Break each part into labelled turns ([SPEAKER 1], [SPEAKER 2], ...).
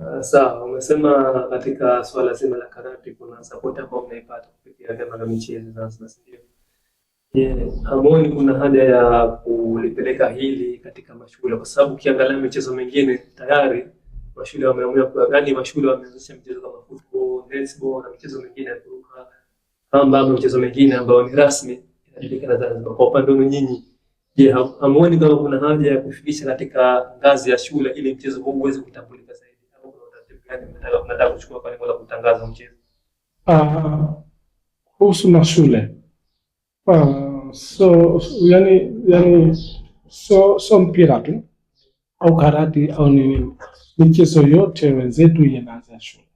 [SPEAKER 1] Uh, sawa, umesema katika swala zima la karate kuna support ambayo mnaipata kupitia vyama vya michezo sasa, si ndio? Je, kuna haja ya kulipeleka hili katika mashule? Kwa sababu ukiangalia michezo mingine tayari mashule wameamua, yaani mashule wameanzisha michezo kama football, netball na michezo mingine ya kuruka kamba, michezo mingine ambayo ni rasmi inajulikana Zanzibar. Kwa upande wenu nyinyi je, yeah, hamuoni kama kuna haja ya kufikisha katika ngazi ya shule ili mchezo huu uweze kutambulika zaidi? Yaani nataka kuchukua kwa lengo la kutangaza mchezo.
[SPEAKER 2] Ah, kuhusu mashule uh, ah, so yani, yani so, so mpira tu au karati au nini, michezo yote wenzetu yanaanza shule,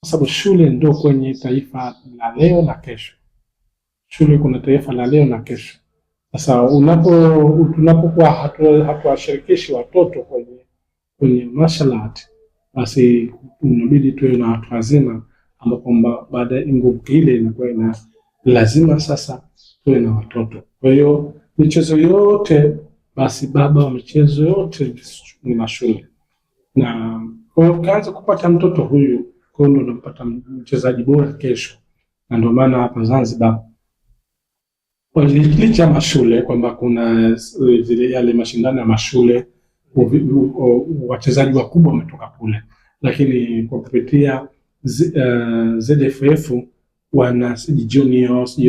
[SPEAKER 2] kwa sababu shule ndo kwenye taifa la leo na kesho. Shule kuna taifa la leo na kesho. Sasa unapo tunapokuwa hatuwashirikishi watoto kwenye kwenye mashalati basi inabidi tuwe na watu wazima ambao baada ya nguvu ile inakuwa ina lazima sasa tuwe na watoto. Kwa hiyo michezo yote basi, baba wa michezo yote ni mashule, na ukaanza kupata mtoto huyu kwa ndo unampata mchezaji bora kesho, na ndio maana hapa Zanzibar licha mashule kwamba kuna eh, yale mashindano ya mashule wachezaji wakubwa wametoka kule, lakini kwa kupitia uh, eh, ZFF wana juniors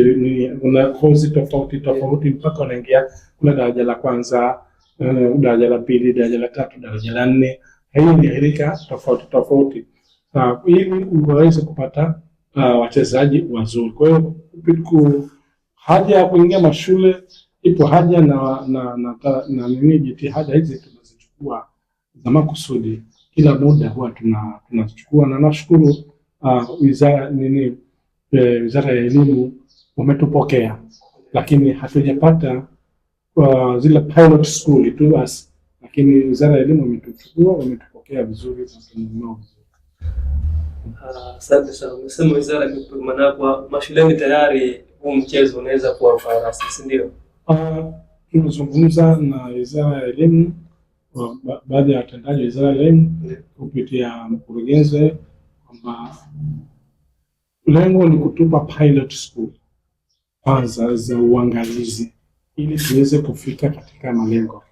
[SPEAKER 2] kuna kozi tofauti tofauti mpaka wanaingia kuna daraja la kwanza, uh, daraja la pili, daraja la tatu, daraja la nne. Hii ni rika tofauti tofauti, uh, ili uweze kupata uh, wachezaji wazuri. Kwa hiyo haja ya kuingia mashule ipo haja na na na, na, na, na, jitihada hizi kuwa za makusudi kila muda huwa tunazichukua tuna, na nashukuru uh, wizara nini e, wizara ya elimu wametupokea, lakini hatujapata uh, zile pilot school to us, lakini wizara ya elimu wametuchukua, wametupokea vizuri na
[SPEAKER 1] Asante sana. Umesema wizara imekumaana kwa mashuleni tayari huu mchezo unaweza kuwa farasi, si ndio?
[SPEAKER 2] Uh, Tumezungumza na wizara ya elimu baadhi ya watendaji wa Wizara ya Elimu kupitia mkurugenzi kwamba lengo ni kutupa pilot school kwanza za uangalizi ili tuweze kufika katika malengo,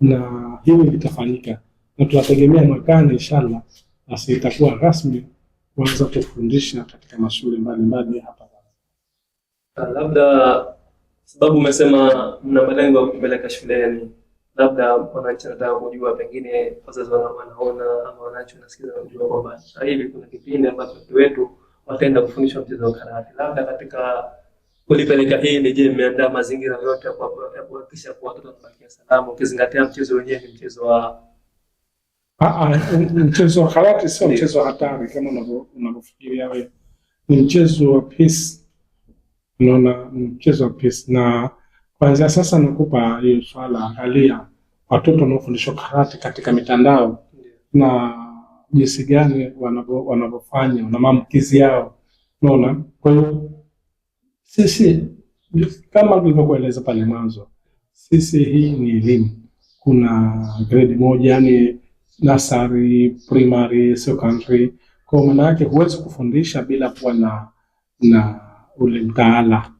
[SPEAKER 2] na hili litafanyika na tunategemea mwakani inshallah, basi itakuwa rasmi kuanza kufundisha katika mashule mbalimbali hapa.
[SPEAKER 1] Labda sababu umesema mna malengo ya kupeleka shuleni labda wananchi wanataka kujua, pengine wazazi wanaona ama wananchi wanasikiza, wanajua kwamba sasa hivi kuna kipindi ambacho watu wetu wataenda kufundishwa mchezo wa karate. Labda katika kulipeleka hili, je, mmeandaa mazingira yote ya kuhakikisha kuwa watoto wanabakia salama, ukizingatia mchezo wenyewe ni mchezo wa
[SPEAKER 2] ah, ah, mchezo wa karate, sio mchezo wa hatari kama unavyofikiria wewe. Ni mchezo wa peace, unaona, mchezo wa peace na Kuanzia sasa nakupa hiyo swala, angalia watoto wanaofundishwa karate katika mitandao na jinsi gani wanavyofanya na maambukizi yao, unaona. Kwa hiyo sisi kama tulivyokueleza pale mwanzo, sisi hii ni elimu, kuna grade moja, yani nasari, primary, secondary. Kwa maana yake huwezi kufundisha bila kuwa na, na ule mtaala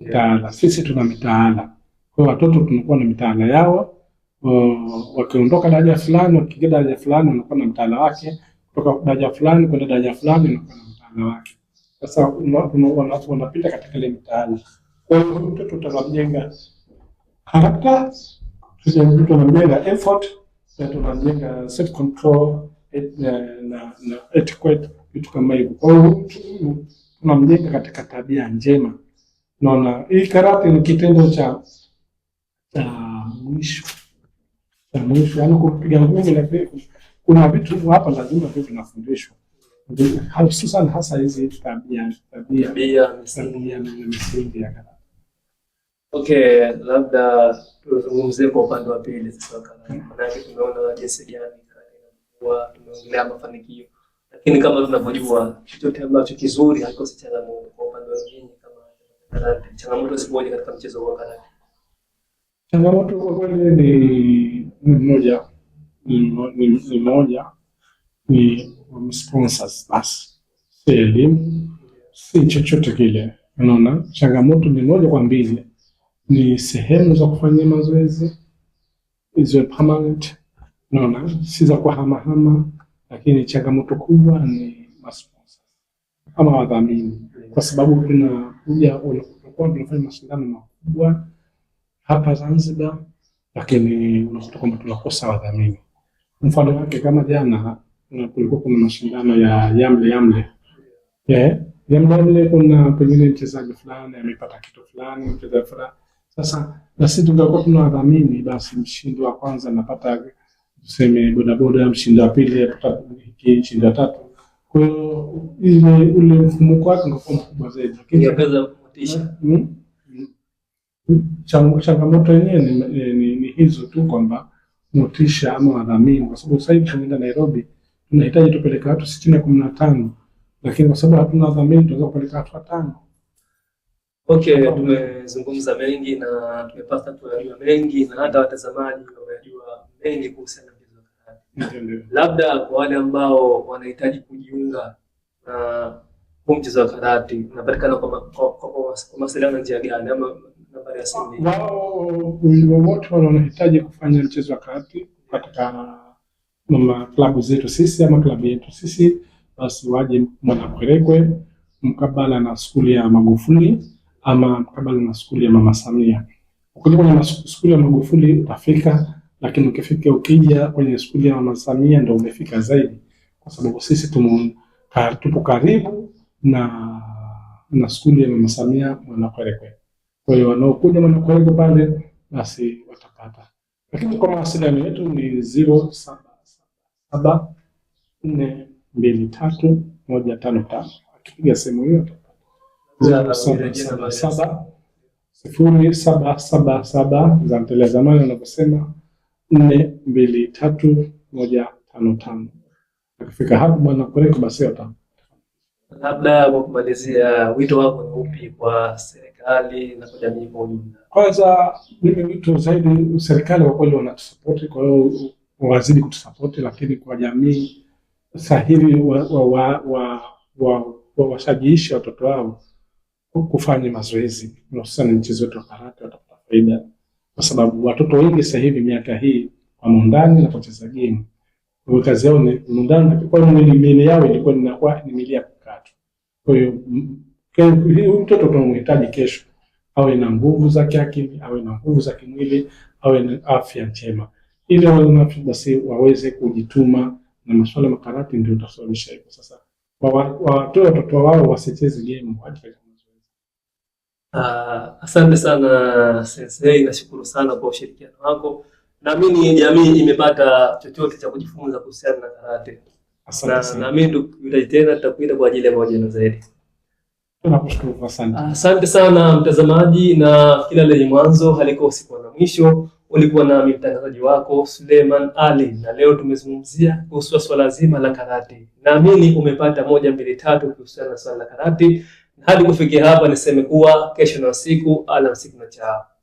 [SPEAKER 2] mitaala. Sisi tuna mitaala, kwa hiyo watoto tunakuwa na mitaala yao. wakiondoka daraja fulani wakiingia daraja fulani wanakuwa na mtaala wake, kutoka daraja fulani kwenda daraja fulani wanakuwa na mtaala wake. Sasa wanapita katika ile mitaala. Kwa hiyo mtoto tunamjenga karakta, tunamjenga effort na tunamjenga self control na etiquette, vitu kama hivyo. Kwa hiyo tunamjenga katika tabia njema. Naona hii karate ni kitendo cha mwisho cha mwisho, yaani kumpiga ngumi na pevu. Kuna vitu hapa lazima vio vinafundishwa, hususan hasa hizi tabia tabia tabia na misingi ya karate.
[SPEAKER 1] Okay, labda tuzungumzie kwa upande wa pili sasa, hmm. maanake tumeona jinsi gani tumeongelea mafanikio, lakini kama tunavyojua chochote ambacho kizuri hakikosi cha muda kwa upande wa karate? Changamoto zikoje katika mchezo wa karate?
[SPEAKER 2] Changamoto kwa kweli ni moja ni moja ni sponsors basi, si elimu, si chochote kile. Unaona, changamoto ni moja kwa mbili, ni sehemu za kufanyia mazoezi hizo permanent, unaona, si za kuhamahama, lakini changamoto kubwa ni masponsors ama wadhamini kwa sababu tunakuja unakuwa tunafanya mashindano makubwa hapa Zanzibar, lakini unakuta kwamba tunakosa wadhamini. Mfano wake kama jana kulikuwa kuna mashindano ya yamle yamle yeah. Yamle yamle, kuna pengine mchezaji fulani amepata kitu fulani, mchezaji fulani sasa, na sisi tungekuwa tuna wadhamini, basi mshindi wa kwanza anapata tuseme bodaboda, mshindi wa pili anapata hiki, mshindi wa tatu. Kwa hiyo ile ule mfumuko wake ungekuwa mkubwa zaidi, lakini hmm? changamoto yenyewe ni hizo tu kwamba motisha ama wadhamini, kwa sababu sasa hivi tunaenda Nairobi tunahitaji tupeleke watu si chini ya kumi na tano, lakini kwa sababu hatuna wadhamini tunaweza kupeleka watu watano.
[SPEAKER 1] Okay, tumezungumza mengi na tumepata kuyajua mengi na hata watazamaji wamejua mengi kuhusiana na wa Labda kwa wale ambao wanahitaji kujiunga na kumcheza wa napatikana kwa mawasiliano na njia gani ama nambari ya simu?
[SPEAKER 2] Wao wote wanahitaji kufanya mchezo wa karati katika klabu zetu sisi ama klabu yetu sisi, basi waje Mwanakwerekwe mkabala na skuli ya Magufuli ama mkabala na skuli ya Mama Samia. Ukija kwenye skuli ya Magufuli utafika, lakini ukifika ukija kwenye skuli ya Mama Samia ndo umefika zaidi, kwa sababu sisi tumeona Ah, tupo karibu na na skuli ya Mama Samia Mwanakwerekwe. Kwa hiyo wanaokuja Mwanakwerekwe pale basi watapata, lakini kwa mawasiliano yetu ni ziro saba saba nne mbili tatu moja tano tano. Akipiga simu hiyo ziro saba saba sifuri saba saba saba za mtele zamani wanavyosema nne mbili tatu moja tano tano. Akifika hapo mwana kureko basi hata.
[SPEAKER 1] Labda kwa kumalizia, wito wako ni upi kwa serikali na kwa jamii kwa ujumla?
[SPEAKER 2] Kwanza mimi wito zaidi, serikali kwa kweli wanatusapoti, kwa hiyo wazidi kutusapoti, lakini kwa jamii sahili wawashajiishe wa, wa, wa, wa, wa watoto wao kufanya mazoezi na hususani mchezo wetu wa karate, watapata faida, kwa sababu watoto wengi sasa hivi miaka hii wamo ndani na kucheza game kazi yao mundana, kwa hiyo mili yao ilikuwa inakuwa ni mili ya kukatwa. Kwa hiyo huyu mtoto tunamhitaji kesho awe na nguvu za kiakili, awe na nguvu za kimwili, awe na afya njema, ili basi waweze kujituma, na masuala makarati ndio utasababisha hivyo. Sasa watoe watoto wao wasicheze game.
[SPEAKER 1] Ah, asante sana sensei, nashukuru sana kwa ushirikiano wako naamini jamii imepata chochote cha kujifunza kuhusiana na karate. Asante. Naamini tukirudi tena tutakwenda kwa ajili ya mahojiano zaidi. asante. sana mtazamaji, na kila lenye mwanzo halikosi kuwa na mwisho. Ulikuwa nami mtangazaji wako Suleiman Ali, na leo tumezungumzia kuhusu swala zima la karate. Naamini umepata moja mbili tatu kuhusiana na swala la karate. Hadi kufikia hapa, niseme kuwa kesho na usiku, alamsiki na chao.